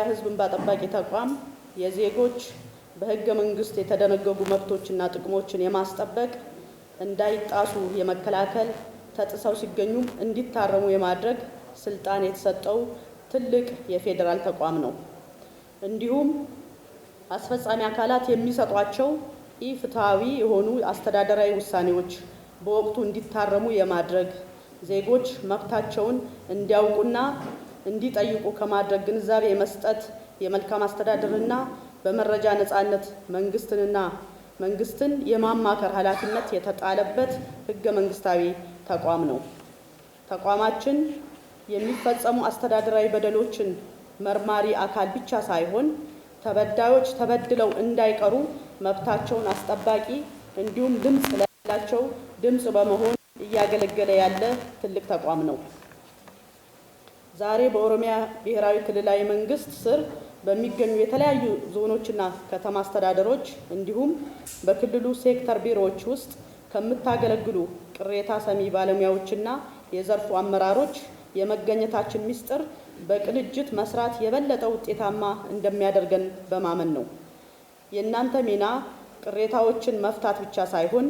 የኢትዮጵያ ሕዝብ እንባ ጠባቂ ተቋም የዜጎች በህገ መንግስት የተደነገጉ መብቶችና ጥቅሞችን የማስጠበቅ እንዳይጣሱ የመከላከል ተጥሰው ሲገኙም እንዲታረሙ የማድረግ ስልጣን የተሰጠው ትልቅ የፌዴራል ተቋም ነው። እንዲሁም አስፈጻሚ አካላት የሚሰጧቸው ኢፍትሐዊ የሆኑ አስተዳደራዊ ውሳኔዎች በወቅቱ እንዲታረሙ የማድረግ ዜጎች መብታቸውን እንዲያውቁና እንዲጠይቁ ከማድረግ ግንዛቤ የመስጠት የመልካም አስተዳደርና በመረጃ ነጻነት መንግስትንና መንግስትን የማማከር ኃላፊነት የተጣለበት ህገ መንግስታዊ ተቋም ነው። ተቋማችን የሚፈጸሙ አስተዳደራዊ በደሎችን መርማሪ አካል ብቻ ሳይሆን ተበዳዮች ተበድለው እንዳይቀሩ መብታቸውን አስጠባቂ እንዲሁም ድምፅ ላላቸው ድምፅ በመሆን እያገለገለ ያለ ትልቅ ተቋም ነው። ዛሬ በኦሮሚያ ብሔራዊ ክልላዊ መንግስት ስር በሚገኙ የተለያዩ ዞኖችና ከተማ አስተዳደሮች እንዲሁም በክልሉ ሴክተር ቢሮዎች ውስጥ ከምታገለግሉ ቅሬታ ሰሚ ባለሙያዎችና የዘርፉ አመራሮች የመገኘታችን ምስጢር በቅንጅት መስራት የበለጠ ውጤታማ እንደሚያደርገን በማመን ነው። የእናንተ ሚና ቅሬታዎችን መፍታት ብቻ ሳይሆን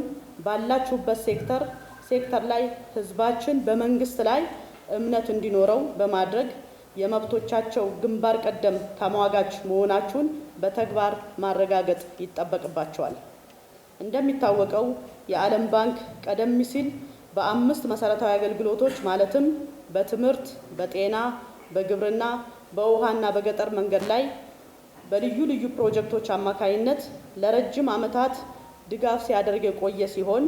ባላችሁበት ሴክተር ሴክተር ላይ ህዝባችን በመንግስት ላይ እምነት እንዲኖረው በማድረግ የመብቶቻቸው ግንባር ቀደም ተሟጋች መሆናችሁን በተግባር ማረጋገጥ ይጠበቅባቸዋል። እንደሚታወቀው የዓለም ባንክ ቀደም ሲል በአምስት መሰረታዊ አገልግሎቶች ማለትም በትምህርት፣ በጤና፣ በግብርና፣ በውሃና በገጠር መንገድ ላይ በልዩ ልዩ ፕሮጀክቶች አማካይነት ለረጅም ዓመታት ድጋፍ ሲያደርግ የቆየ ሲሆን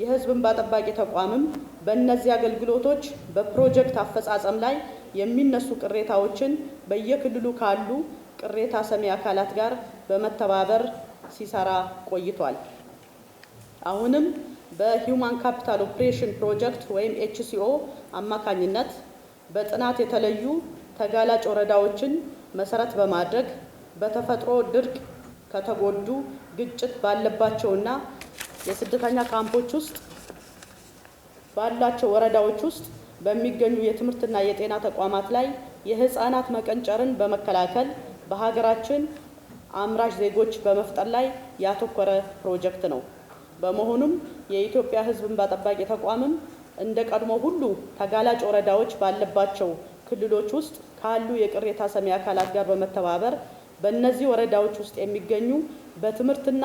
የህዝብ እንባ ጠባቂ ተቋምም በእነዚህ አገልግሎቶች በፕሮጀክት አፈጻጸም ላይ የሚነሱ ቅሬታዎችን በየክልሉ ካሉ ቅሬታ ሰሚ አካላት ጋር በመተባበር ሲሰራ ቆይቷል። አሁንም በሂውማን ካፒታል ኦፕሬሽን ፕሮጀክት ወይም ኤችሲኦ አማካኝነት በጥናት የተለዩ ተጋላጭ ወረዳዎችን መሰረት በማድረግ በተፈጥሮ ድርቅ ከተጎዱ ግጭት ባለባቸውና የስደተኛ ካምፖች ውስጥ ባላቸው ወረዳዎች ውስጥ በሚገኙ የትምህርትና የጤና ተቋማት ላይ የህፃናት መቀንጨርን በመከላከል በሀገራችን አምራች ዜጎች በመፍጠር ላይ ያተኮረ ፕሮጀክት ነው። በመሆኑም የኢትዮጵያ ሕዝብ እንባ ጠባቂ ተቋምም እንደ ቀድሞ ሁሉ ተጋላጭ ወረዳዎች ባለባቸው ክልሎች ውስጥ ካሉ የቅሬታ ሰሚ አካላት ጋር በመተባበር በእነዚህ ወረዳዎች ውስጥ የሚገኙ በትምህርትና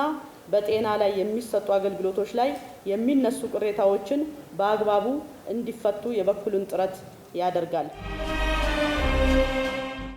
በጤና ላይ የሚሰጡ አገልግሎቶች ላይ የሚነሱ ቅሬታዎችን በአግባቡ እንዲፈቱ የበኩሉን ጥረት ያደርጋል።